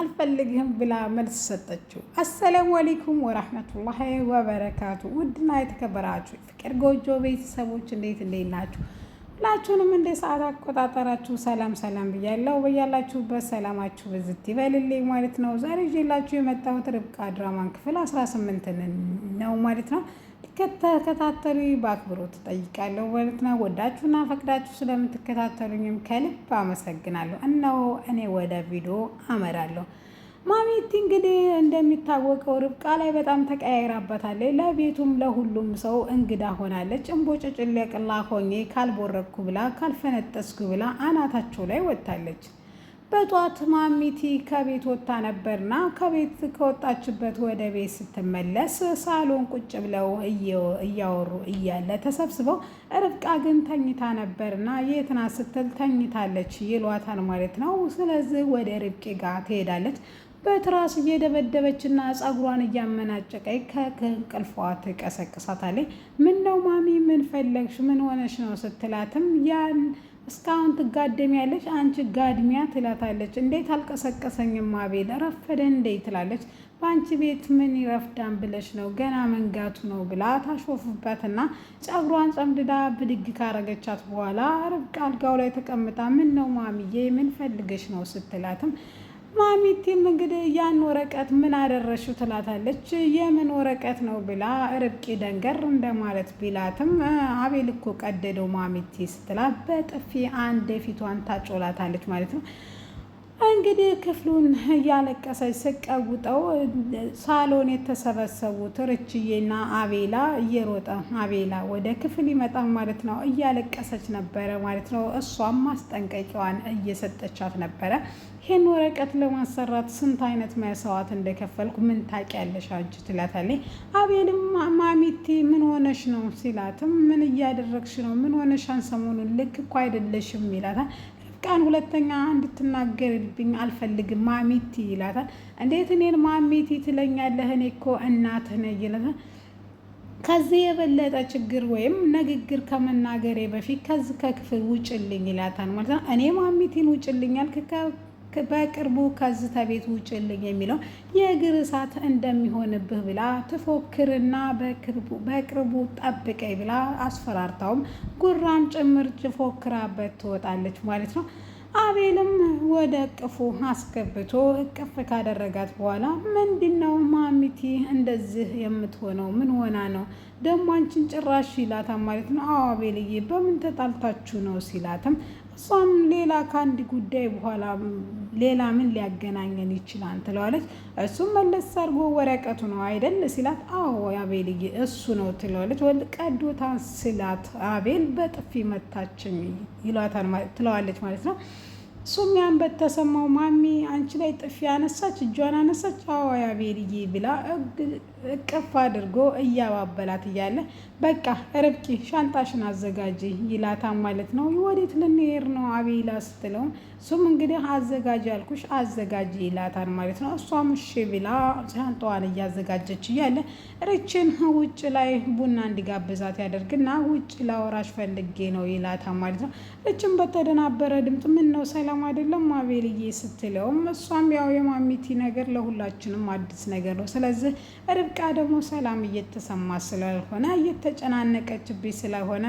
አልፈልግህም ብላ መልስ ሰጠችው። አሰላሙ አሌይኩም ወራህመቱላሂ ወበረካቱ። ውድና የተከበራችሁ ፍቅር ጎጆ ቤተሰቦች እንዴት እንዴት ናችሁ? ሁላችሁንም እንደ ሰዓት አቆጣጠራችሁ ሰላም ሰላም ብያለሁ። በያላችሁበት ሰላማችሁ ብዝት ይበልልኝ ማለት ነው። ዛሬ ይዤላችሁ የመጣሁት ርብቃ ድራማን ክፍል አስራ ስምንትን ነው ማለት ነው። ከተከታተሉ በአክብሮት ጠይቃለሁ ማለት ነው። ወዳችሁና ፈቅዳችሁ ስለምትከታተሉኝም ከልብ አመሰግናለሁ። እነሆ እኔ ወደ ቪዲዮ አመራለሁ። ማሚቲ እንግዲህ እንደሚታወቀው ርብቃ ላይ በጣም ተቀያይራበታለች። ለቤቱም ለሁሉም ሰው እንግዳ ሆናለች። እንቦጭጭ ለቅላ ሆኜ ካልቦረኩ ብላ ካልፈነጠስኩ ብላ አናታቸው ላይ ወጥታለች። በጧት ማሚቲ ከቤት ወጥታ ነበርና ከቤት ከወጣችበት ወደ ቤት ስትመለስ ሳሎን ቁጭ ብለው እያወሩ እያለ ተሰብስበው ርብቃ ግን ተኝታ ነበርና የት ናት ስትል ተኝታለች ይሏታል ማለት ነው። ስለዚህ ወደ ርብቃ ጋር ትሄዳለች። በትራስ እየደበደበችና ፀጉሯን እያመናጨቀይ ከእንቅልፏ ትቀሰቅሳታለች። ምን ነው ማሚ፣ ምን ፈለግሽ? ምን ሆነሽ ነው ስትላትም ያን እስካሁን ትጋደሚያለች አንቺ ጋድሚያ ትላታለች። እንዴት አልቀሰቀሰኝም አቤል ረፈደ እንዴ ትላለች። በአንቺ ቤት ምን ይረፍዳን ብለሽ ነው ገና መንጋቱ ነው ብላ ታሾፉበትና ጸጉሯን ጸምድዳ ብድግ ካረገቻት በኋላ ርብቃ አልጋው ላይ ተቀምጣ ምን ነው ማሚዬ ምን ፈልገሽ ነው ስትላትም ማሚቲም እንግዲህ ያን ወረቀት ምን አደረሽው ትላታለች። የምን ወረቀት ነው ብላ ርብቂ ደንገር እንደማለት ቢላትም አቤል እኮ ቀደደው ማሚቴ ስትላት በጥፊ አንድ የፊቷን ታጮላታለች ማለት ነው። እንግዲህ ክፍሉን እያለቀሰች ስቀውጠው ሳሎን የተሰበሰቡት ርችዬና አቤላ እየሮጠ አቤላ ወደ ክፍል ይመጣል ማለት ነው። እያለቀሰች ነበረ ማለት ነው። እሷም ማስጠንቀቂዋን እየሰጠቻት ነበረ። ይህን ወረቀት ለማሰራት ስንት አይነት መሰዋት እንደከፈልኩ ምን ታውቂያለሽ አንቺ ትላታለች። አቤልም ማሚቴ ምን ሆነሽ ነው ሲላትም ምን እያደረግሽ ነው? ምን ሆነሽ አንሰሞኑን ልክ እኮ አይደለሽም ይላታል። ቀን ሁለተኛ እንድትናገርብኝ አልፈልግም ማሚቲ ይላታል። እንዴት እኔን ማሚቲ ትለኛለህ? እኔ እኮ እናትህ ነኝ ይላታል። ከዚህ የበለጠ ችግር ወይም ንግግር ከመናገሬ በፊት ከዚህ ከክፍል ውጭልኝ ይላታል ማለት ነው። እኔ ማሚቲን ውጭልኛል በቅርቡ ከዝተ ቤት ውጭልኝ የሚለው የእግር እሳት እንደሚሆንብህ ብላ ትፎክርና በቅርቡ ጠብቀኝ ብላ አስፈራርታውም ጉራም ጭምር ፎክራበት ትወጣለች ማለት ነው። አቤልም ወደ እቅፉ አስገብቶ እቅፍ ካደረጋት በኋላ ምንድነው ማሚቲ እንደዚህ የምትሆነው? ምን ሆና ነው ደግሞ አንቺን ጭራሽ ይላታል ማለት ነው። አዎ አቤልዬ፣ በምን ተጣልታችሁ ነው ሲላትም እሷም ሌላ ከአንድ ጉዳይ በኋላ ሌላ ምን ሊያገናኘን ይችላል ትለዋለች። እሱም መለስ አድርጎ ወረቀቱ ነው አይደል ሲላት፣ አዎ አቤል እሱ ነው ትለዋለች። ወል ቀዶታ ስላት አቤል በጥፊ መታችኝ ትለዋለች ማለት ነው። እሱም ያን በተሰማው ማሚ አንቺ ላይ ጥፊ አነሳች፣ እጇን አነሳች፣ አዋ አቤልዬ ብላ እቅፍ አድርጎ እያባበላት እያለ በቃ ርብቃ ሻንጣሽን አዘጋጅ ይላታ ማለት ነው። ወዴት ልንሄድ ነው አቤላ ስትለው፣ እሱም እንግዲህ አዘጋጅ ያልኩሽ አዘጋጅ ይላታል ማለት ነው። እሷም እሺ ብላ ሻንጣዋን እያዘጋጀች እያለ ርችን ውጭ ላይ ቡና እንዲጋብዛት ያደርግና ውጭ ላወራሽ ፈልጌ ነው ይላታ ማለት ነው። ርችን በተደናበረ ድምፅ ምን ነው ሰላም አይደለም አቤልዬ ስትለውም እሷም ያው የማሚቲ ነገር ለሁላችንም አዲስ ነገር ነው ስለዚህ በቃ ደግሞ ሰላም እየተሰማ ስላልሆነ እየተጨናነቀችብኝ ስለሆነ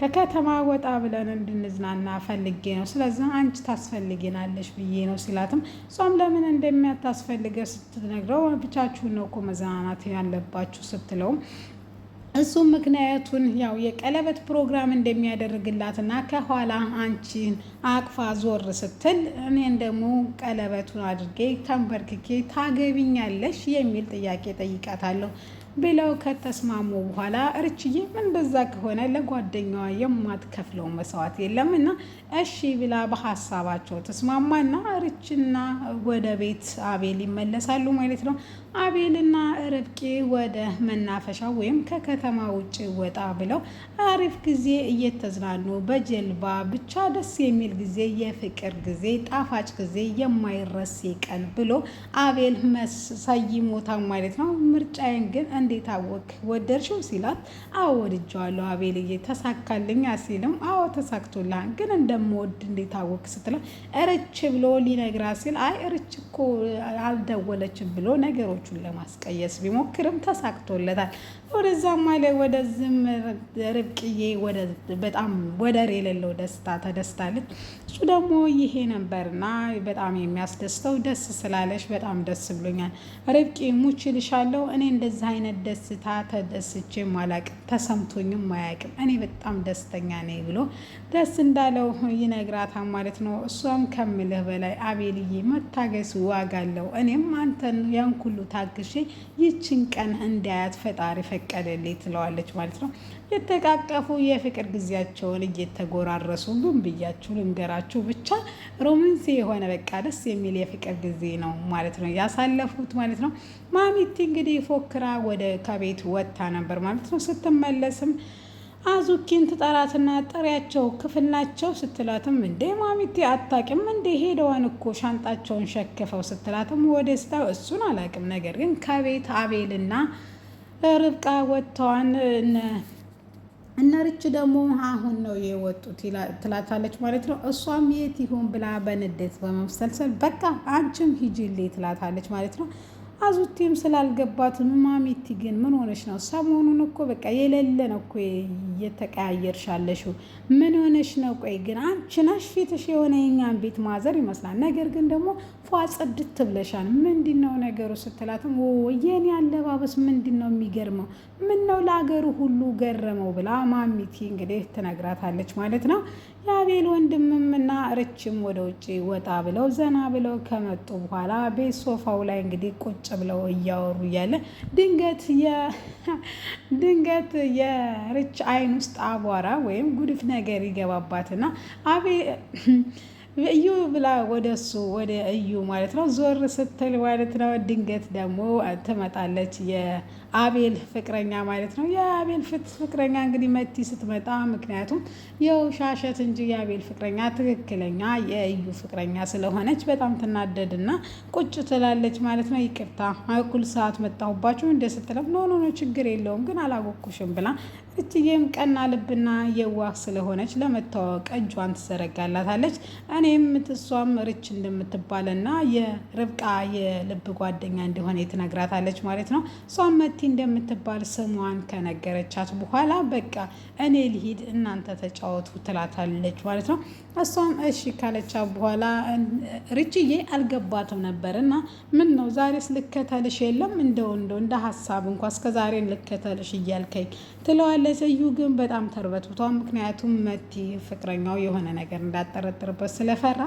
ከከተማ ወጣ ብለን እንድንዝናና ፈልጌ ነው። ስለዚህ አንቺ ታስፈልጊናለሽ ብዬ ነው ሲላትም እሷም ለምን እንደሚያታስፈልገ ስትነግረው ብቻችሁን ነው እኮ መዝናናት ያለባችሁ ስትለውም እሱም ምክንያቱን ያው የቀለበት ፕሮግራም ና ከኋላ አንቺን አቅፋ ዞር ስትል እኔን ደግሞ ቀለበቱን አድርጌ ተንበርክኬ ታገቢኛለሽ የሚል ጥያቄ ጠይቃታለሁ። ብለው ከተስማሙ በኋላ እርችዬ እንደዛ ከሆነ ለጓደኛዋ የማትከፍለው መስዋዕት የለም እና እሺ ብላ በሀሳባቸው ተስማማና እርችና ወደ ቤት አቤል ይመለሳሉ ማለት ነው። አቤልና ርብቃ ወደ መናፈሻ ወይም ከከተማ ውጭ ወጣ ብለው አሪፍ ጊዜ እየተዝናኑ በጀልባ ብቻ ደስ የሚል ጊዜ፣ የፍቅር ጊዜ፣ ጣፋጭ ጊዜ፣ የማይረሴ ቀን ብሎ አቤል መሳይሞታ ማለት ነው ምርጫዬን ግን እንዴት አወቅ ወደድሽው ሲላት አዎ ወድጀዋለሁ አቤልዬ ተሳካልኝ ሲልም አዎ ተሳክቶልሃል ግን እንደምወድ እንዴት አወቅ ስትለው እርች ብሎ ሊነግራት ሲል አይ እርች እኮ አልደወለችም ብሎ ነገሮቹን ለማስቀየስ ቢሞክርም ተሳክቶለታል ወደዛም ወደ ዝም ርብቅዬ በጣም ወደር የሌለው ደስታ ተደስታለች። እሱ ደግሞ ይሄ ነበርና በጣም የሚያስደስተው ደስ ስላለች በጣም ደስ ብሎኛል። ርብቄ ሙችልሻለሁ። እኔ እንደዚህ አይነት ደስታ ተደስቼ ማላቅ ተሰምቶኝም አያቅም። እኔ በጣም ደስተኛ ነኝ ብሎ ደስ እንዳለው ይነግራታል ማለት ነው። እሷም ከምልህ በላይ አቤልዬ መታገስ ዋጋ አለው። እኔም አንተን ያን ሁሉ ታግሼ ይችን ቀን እንዳያት ፈጣሪ ፈ በቀለሌ ትለዋለች ማለት ነው። የተቃቀፉ የፍቅር ጊዜያቸውን እየተጎራረሱ ምን ብያችሁ ልንገራችሁ፣ ብቻ ሮማንሲ የሆነ በቃ ደስ የሚል የፍቅር ጊዜ ነው ማለት ነው ያሳለፉት ማለት ነው። ማሚቲ እንግዲህ ፎክራ ወደ ከቤት ወጥታ ነበር ማለት ነው። ስትመለስም አዙኪን ትጠራትና ጠሪያቸው ክፍል ናቸው ስትላትም፣ እንዴ ማሚቲ አታውቂም እንዴ ሄደዋን እኮ ሻንጣቸውን ሸክፈው ስትላትም፣ ወደ ስታው እሱን አላውቅም ነገር ግን ከቤት አቤልና ርብቃ ወጥተዋን እነ ርች ደግሞ አሁን ነው የወጡት ትላታለች ማለት ነው። እሷም የት ይሆን ብላ በንዴት በመምሰልሰል በቃ አንቺም ሂጂሌ ትላታለች ማለት ነው። አዙቴም ስላልገባት ማሚቲ ግን ምን ሆነሽ ነው? ሰሞኑን እኮ በቃ የሌለ ነው እኮ እየተቀያየርሻለሽው። ምን ሆነሽ ነው? ቆይ ግን አንቺ ነሽ ፊትሽ የሆነ የኛን ቤት ማዘር ይመስላል። ነገር ግን ደግሞ ፏጽድት ትብለሻል። ምንድን ነው ነገሩ ስትላትም የኔ አለባበስ ምንድን ነው የሚገርመው? ምን ነው ለአገሩ ሁሉ ገረመው ብላ ማሚቲ እንግዲህ ትነግራታለች ማለት ነው። የአቤል ወንድምምና ርችም ወደ ውጭ ወጣ ብለው ዘና ብለው ከመጡ በኋላ ቤት ሶፋው ላይ እንግዲህ ቁጭ ብለው እያወሩ እያለ ድንገት ድንገት የርች አይን ውስጥ አቧራ ወይም ጉድፍ ነገር ይገባባትና አቤ እዩ ብላ ወደ እሱ ወደ እዩ ማለት ነው ዞር ስትል ማለት ነው ድንገት ደግሞ ትመጣለች አቤል ፍቅረኛ ማለት ነው። የአቤል ፍቅረኛ እንግዲህ መቲ ስትመጣ ምክንያቱም የው ሻሸት እንጂ የአቤል ፍቅረኛ ትክክለኛ የእዩ ፍቅረኛ ስለሆነች በጣም ትናደድና ቁጭ ትላለች ማለት ነው። ይቅርታ እኩል ሰዓት መጣሁባችሁ እንደ ስትለም ኖ ኖ ችግር የለውም ግን አላጎኩሽም ብላ እችዬም ቀና ልብና የዋህ ስለሆነች ለመታወቅ እጇን ትዘረጋላታለች። እኔም እሷም ርች እንደምትባልና የርብቃ የልብ ጓደኛ እንደሆነ ትነግራታለች ማለት ነው እሷም መቲ እንደምትባል ስሟን ከነገረቻት በኋላ በቃ እኔ ልሂድ እናንተ ተጫወቱ ትላታለች ማለት ነው። እሷም እሺ ካለቻ በኋላ ርችዬ አልገባትም ነበር እና ምን ነው ዛሬስ ልከተልሽ የለም እንደው እንደው እንደ ሀሳብ እንኳ እስከ ዛሬን ልከተልሽ እያልከኝ ትለዋለች። እዩ ግን በጣም ተርበትብቷ፣ ምክንያቱም መቲ ፍቅረኛው የሆነ ነገር እንዳጠረጥርበት ስለፈራ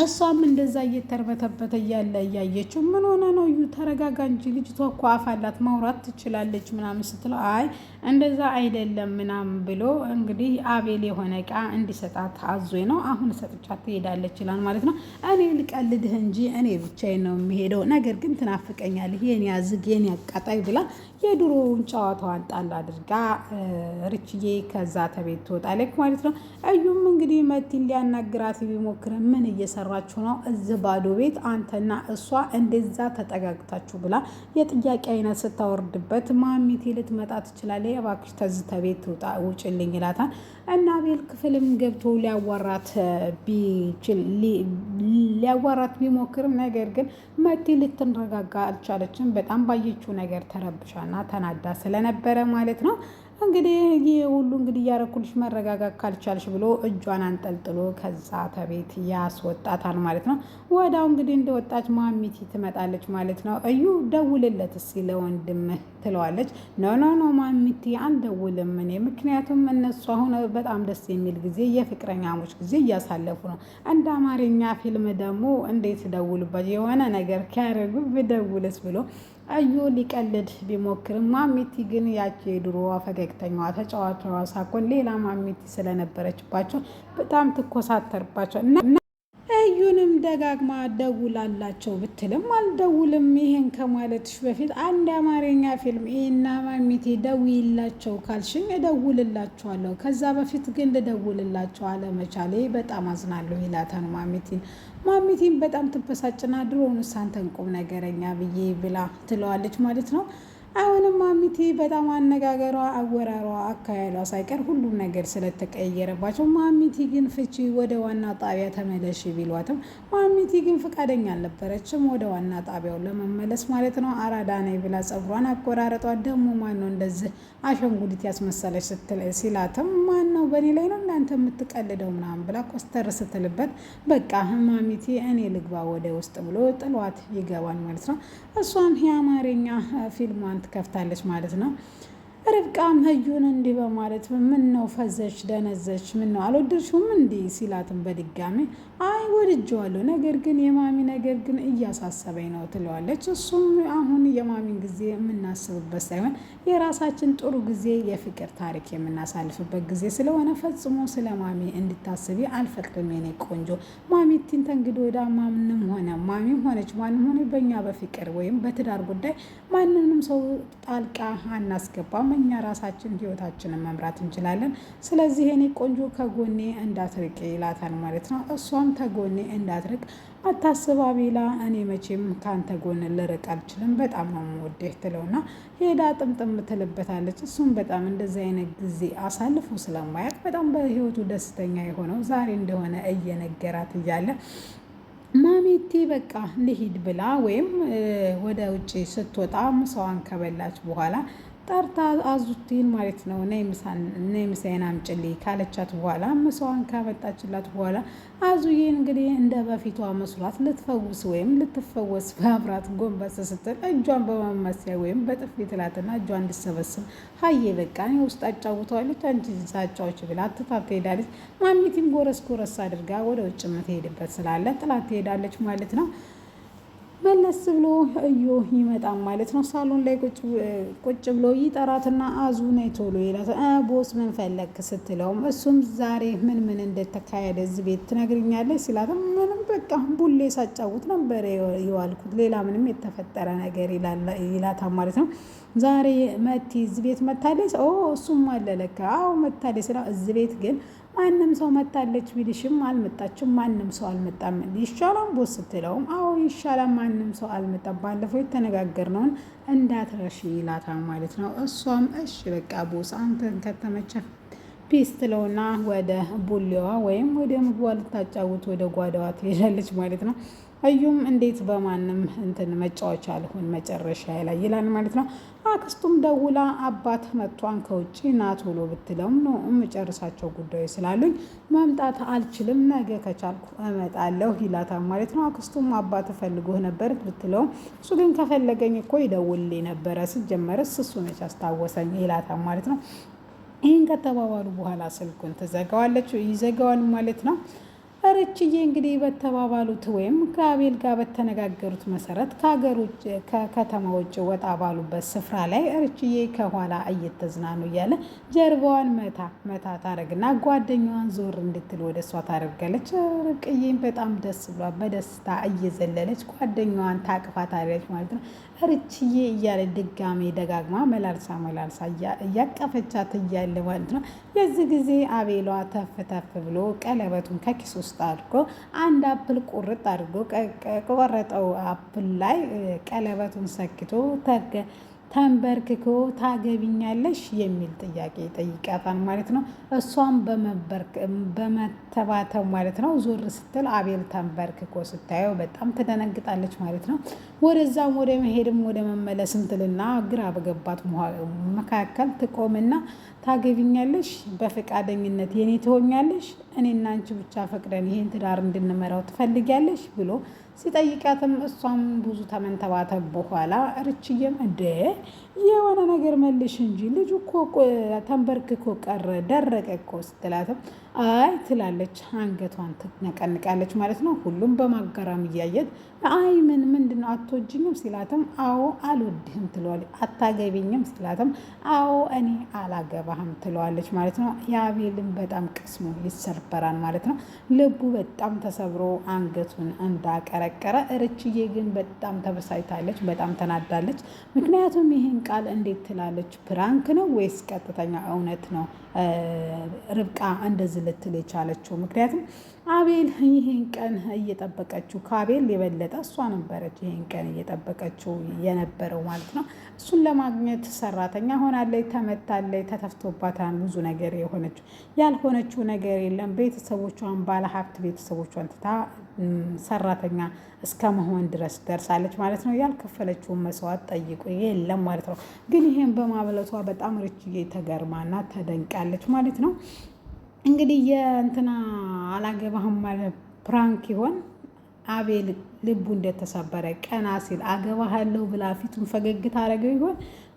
እሷም እንደዛ እየተርበተበተ እያለ እያየችው ምን ሆነ ነው እዩ ተረጋጋ እንጂ ልጅቷ እኮ አፍ ማውራት ትችላለች ምናምን ስትለው አይ እንደዛ አይደለም ምናምን ብሎ እንግዲህ አቤል የሆነ እቃ እንዲሰጣት አዞኝ ነው አሁን ሰጥቻት ትሄዳለች ይላል ማለት ነው እኔ ልቀልድህ እንጂ እኔ ብቻዬን ነው የሚሄደው ነገር ግን ትናፍቀኛለህ የኔ አዝግ የኔ አቃጣይ ብላ የድሮውን ጨዋታዋን ጣል አድርጋ ርችዬ ከዛ ተቤት ትወጣለች ማለት ነው እዩም እንግዲህ መቲን ሊያናግራት ቢሞክር ምን እየሰራ እየሰራችሁ ነው እዚህ ባዶ ቤት አንተና እሷ እንደዛ ተጠጋግታችሁ ብላ የጥያቄ አይነት ስታወርድበት ማሚቴ ልትመጣ ትችላለች፣ እባክሽ ተዝ ተቤት ውጭልኝ ይላታል። እና ቤል ክፍልም ገብቶ ሊያዋራት ቢችል ሊያዋራት ቢሞክርም ነገር ግን መቲ ልትረጋጋ አልቻለችም። በጣም ባየችው ነገር ተረብሻና ተናዳ ስለነበረ ማለት ነው። እንግዲህ ይህ ሁሉ እንግዲህ እያረኩልሽ መረጋጋት ካልቻልሽ ብሎ እጇን አንጠልጥሎ ከዛ ተቤት ያስወጣታል ማለት ነው። ወዳው እንግዲህ እንደወጣች ማሚቲ ትመጣለች ማለት ነው። እዩ ደውልለት እስኪ ለወንድምህ ትለዋለች። ኖ ኖ ኖ ማሚቲ አንደውልም እኔ ምክንያቱም እነሱ አሁን በጣም ደስ የሚል ጊዜ የፍቅረኛሞች ጊዜ እያሳለፉ ነው። እንደ አማርኛ ፊልም ደግሞ እንዴት ደውልባቸው የሆነ ነገር ከያደርጉ ብደውልስ ብሎ አዩ ሊቀልድ ቢሞክርም ማሚቲ ግን ያቺ የድሮዋ ፈገግተኛዋ ተጫዋቿ ሳኮን ሌላ ማሚቲ ስለነበረችባቸው በጣም ትኮሳተርባቸው እና እዩንም ደጋግማ ደውላላቸው ብትልም አልደውልም ይሄን ከማለትሽ በፊት አንድ አማርኛ ፊልም ይህና ማሚቴ ደውይላቸው ካልሽኝ እደውልላቸዋለሁ። ከዛ በፊት ግን ልደውልላቸው አለመቻሌ በጣም አዝናለሁ ይላታን ማሚቴን ማሚቴም በጣም ትበሳጭና ድሮውን አንተን ቁም ነገረኛ ብዬ ብላ ትለዋለች ማለት ነው። አሁንም ማሚቴ በጣም አነጋገሯ፣ አወራሯ፣ አካያሏ ሳይቀር ሁሉም ነገር ስለተቀየረባቸው ማሚቲ ግን ፍቺ ወደ ዋና ጣቢያ ተመለሽ ቢሏትም ማሚቲ ግን ፈቃደኛ አልነበረችም ወደ ዋና ጣቢያው ለመመለስ ማለት ነው። አራዳ ነኝ ብላ ጸጉሯን አቆራረጧ ደግሞ ማን ነው እንደዚህ አሻንጉሊት ያስመሰለች ሲላትም ማን ነው በእኔ ላይ ነው እናንተ የምትቀልደው ምናምን ብላ ኮስተር ስትልበት በቃ ማሚቲ እኔ ልግባ ወደ ውስጥ ብሎ ጥሏት ይገባል ማለት ነው። እሷም የአማርኛ ፊልሟን ትከፍታለች ማለት ነው። ርብቃም ህዩን እንዲህ በማለት ምን ነው ፈዘች፣ ደነዘች፣ ምን ነው አልወደድሽውም እንዲህ ሲላትም በድጋሚ አይ ወድጀዋለሁ፣ ነገር ግን የማሚ ነገር ግን እያሳሰበኝ ነው ትለዋለች። እሱም አሁን የማሚን ጊዜ የምናስብበት ሳይሆን የራሳችን ጥሩ ጊዜ የፍቅር ታሪክ የምናሳልፍበት ጊዜ ስለሆነ ፈጽሞ ስለ ማሚ እንድታስቢ አልፈቅድም የኔ ቆንጆ። ማሚ ቲንተ እንግዲህ ወዳ ማምንም ሆነ ማሚም ሆነች ማንም ሆነ በእኛ በፍቅር ወይም በትዳር ጉዳይ ማንንም ሰው ጣልቃ አናስገባም። እኛ ራሳችን ህይወታችንን መምራት እንችላለን። ስለዚህ የኔ ቆንጆ ከጎኔ እንዳትርቅ ይላታል ማለት ነው እሷም ከአንተ ጎኔ እንዳትርቅ አታስብ አቤላ፣ እኔ መቼም ከአንተ ጎን ልርቅ አልችልም፣ በጣም ነው የምወደህ ትለውና ሄዳ ጥምጥም ትልበታለች። እሱም በጣም እንደዚህ አይነት ጊዜ አሳልፎ ስለማያውቅ በጣም በህይወቱ ደስተኛ የሆነው ዛሬ እንደሆነ እየነገራት እያለ ማሚቲ በቃ ልሂድ ብላ ወይም ወደ ውጭ ስትወጣ ምሳዋን ከበላች በኋላ ጠርታ አዙቲን ማለት ነው እኔ ምሳዬን አምጭልኝ ካለቻት በኋላ ምሳዋን ካመጣችላት በኋላ አዙዬ እንግዲህ እንደ በፊቷ መስሏት ልትፈውስ ወይም ልትፈወስ በአብራት ጎንበስ ስትል እጇን በመመሰያ ወይም በጥፍ ትላትና እጇ እንድሰበስብ ሀዬ በቃ እኔ ውስጥ አጫውተዋለች አንቺ ሳጫዎች ብላ ትታት ትሄዳለች። ማሚቲም ጎረስ ጎረስ አድርጋ ወደ ውጭ የምትሄድበት ስላለ ጥላት ትሄዳለች ማለት ነው። መለስ ብሎ እዮ ይመጣም ማለት ነው። ሳሎን ላይ ቁጭ ብሎ ይጠራትና አዙ ነይ ቶሎ ይላታል። ቦስ ምን ፈለግ ስትለውም እሱም ዛሬ ምን ምን እንደተካሄደ እዚህ ቤት ትነግርኛለች ሲላት፣ ምንም በቃ ቡሌ ሳጫውት ነበር የዋልኩት ሌላ ምንም የተፈጠረ ነገር ይላታ ማለት ነው። ዛሬ መቲ እዚህ ቤት መታለች። ኦ እሱም አለለካ አዎ መታለች ስላ እዚህ ቤት ግን ማንም ሰው መታለች ቢልሽም አልመጣችም። ማንም ሰው አልመጣም። ይሻላል ቦስ ስትለውም አዎ ይሻላል፣ ማንም ሰው አልመጣም። ባለፈው የተነጋገርነውን እንዳትረሺ ይላታል ማለት ነው። እሷም እሺ በቃ ቦስ አንተን ከተመቸ ፒስ ትለውና ወደ ቡሌዋ ወይም ወደ ምግቧ ልታጫውት ወደ ጓዳዋ ትሄዳለች ማለት ነው። እዩም እንዴት በማንም እንትን መጫወቻ አልሆን መጨረሻ ላይ ይላል ማለት ነው። አክስቱም ደውላ አባት መጥቷን ከውጭ ና ቶሎ ብትለውም ነው የምጨርሳቸው ጉዳዮች ስላሉኝ መምጣት አልችልም፣ ነገ ከቻልኩ እመጣለሁ ይላታል ማለት ነው። አክስቱም አባት ፈልጎህ ነበር ብትለውም እሱ ግን ከፈለገኝ እኮ ይደውል ነበረ ስጀመረስ እሱ ነች አስታወሰኝ ይላታል ማለት ነው። ይህን ከተባባሉ በኋላ ስልኩን ትዘጋዋለች፣ ይዘጋዋል ማለት ነው። እርችዬ እንግዲህ በተባባሉት ወይም ከአቤል ጋር በተነጋገሩት መሰረት ከሀገር ውጭ ከከተማ ውጭ ወጣ ባሉበት ስፍራ ላይ እርችዬ ከኋላ እየተዝናኑ እያለ ጀርባዋን መታ መታ ታደርግና ጓደኛዋን ዞር እንድትል ወደ እሷ ታደርጋለች። ርቅዬም በጣም ደስ ብሏ በደስታ እየዘለለች ጓደኛዋን ታቅፋ ታደርጋለች ማለት ነው። እርችዬ እያለ ድጋሜ ደጋግማ መላልሳ መላልሳ እያቀፈቻት እያለ ማለት ነው። የዚህ ጊዜ አቤሏ ተፍ ተፍ ብሎ ቀለበቱን ከኪስ ውስጥ ውስጥ አድርጎ አንድ አፕል ቁርጥ አድርጎ ቆረጠው አፕል ላይ ቀለበቱን ሰክቶ ተገ ተንበርክኮ ታገቢኛለሽ የሚል ጥያቄ ጠይቃታል ማለት ነው። እሷም በመተባተብ ማለት ነው ዞር ስትል አቤል ተንበርክኮ ስታየው በጣም ትደነግጣለች ማለት ነው። ወደዛም ወደ መሄድም ወደ መመለስም ትልና ግራ በገባት መካከል ትቆምና ታገቢኛለሽ፣ በፈቃደኝነት የኔ ትሆኛለሽ፣ እኔና አንቺ ብቻ ፈቅደን ይህን ትዳር እንድንመራው ትፈልጊያለሽ ብሎ ሲጠይቃትም እሷም ብዙ ተመንተባተብ በኋላ ርችዬም እንደ የሆነ ነገር መልሽ እንጂ ልጁ እኮ ተንበርክኮ ቀረ ደረቀ እኮ ስትላትም አይ ትላለች። አንገቷን ትነቀንቃለች ማለት ነው። ሁሉም በማጋራም እያየት አይ ምን ምንድን ነው አትወጂኝም ሲላትም አዎ አልወድህም ትለዋለች። አታገቢኝም ሲላትም አዎ እኔ አላገባህም ትለዋለች ማለት ነው። የአቤልን በጣም ቅስሙ ይሰበራል ማለት ነው። ልቡ በጣም ተሰብሮ አንገቱን እንዳቀረቀረ እርችዬ ግን በጣም ተበሳጭታለች። በጣም ተናዳለች። ምክንያቱም ይህን ቃል እንዴት ትላለች? ፕራንክ ነው ወይስ ቀጥተኛ እውነት ነው ርብቃ እንደዚህ ልትል የቻለችው? ምክንያቱም አቤል ይህን ቀን እየጠበቀችው ከአቤል የበለጠ እሷ ነበረች ይህን ቀን እየጠበቀችው የነበረው ማለት ነው። እሱን ለማግኘት ሰራተኛ ሆናለች፣ ተመታለች፣ ተተፍቶባታል፣ ብዙ ነገር የሆነችው ያልሆነችው ነገር የለም። ቤተሰቦቿን ባለሀብት ቤተሰቦቿን ትታ ሰራተኛ እስከ መሆን ድረስ ደርሳለች ማለት ነው። ያልከፈለችውን መስዋዕት ጠይቁ የለም ማለት ነው። ግን ይሄን በማብለቷ በጣም ርችዬ ተገርማና ተደንቃለች ማለት ነው። እንግዲህ የእንትና አላገባህም ፕራንክ ይሆን? አቤል ልቡ እንደተሰበረ ቀና ሲል አገባሃለሁ ብላ ፊቱን ፈገግ ታደርገው ይሆን?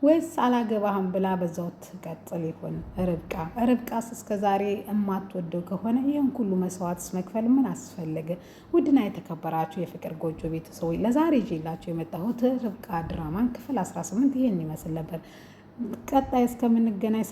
ወይስ አላገባህም ብላ በዛው ትቀጥል ይሆን? ርብቃ ርብቃስ እስከ ዛሬ የማትወደው ከሆነ ይህን ሁሉ መስዋዕትስ መክፈል ምን አስፈለገ? ውድና የተከበራችሁ የፍቅር ጎጆ ቤተሰቦች ለዛሬ ይዤላችሁ የመጣሁት ርብቃ ድራማን ክፍል 18 ይህን ይመስል ነበር። ቀጣይ እስከምንገናኝ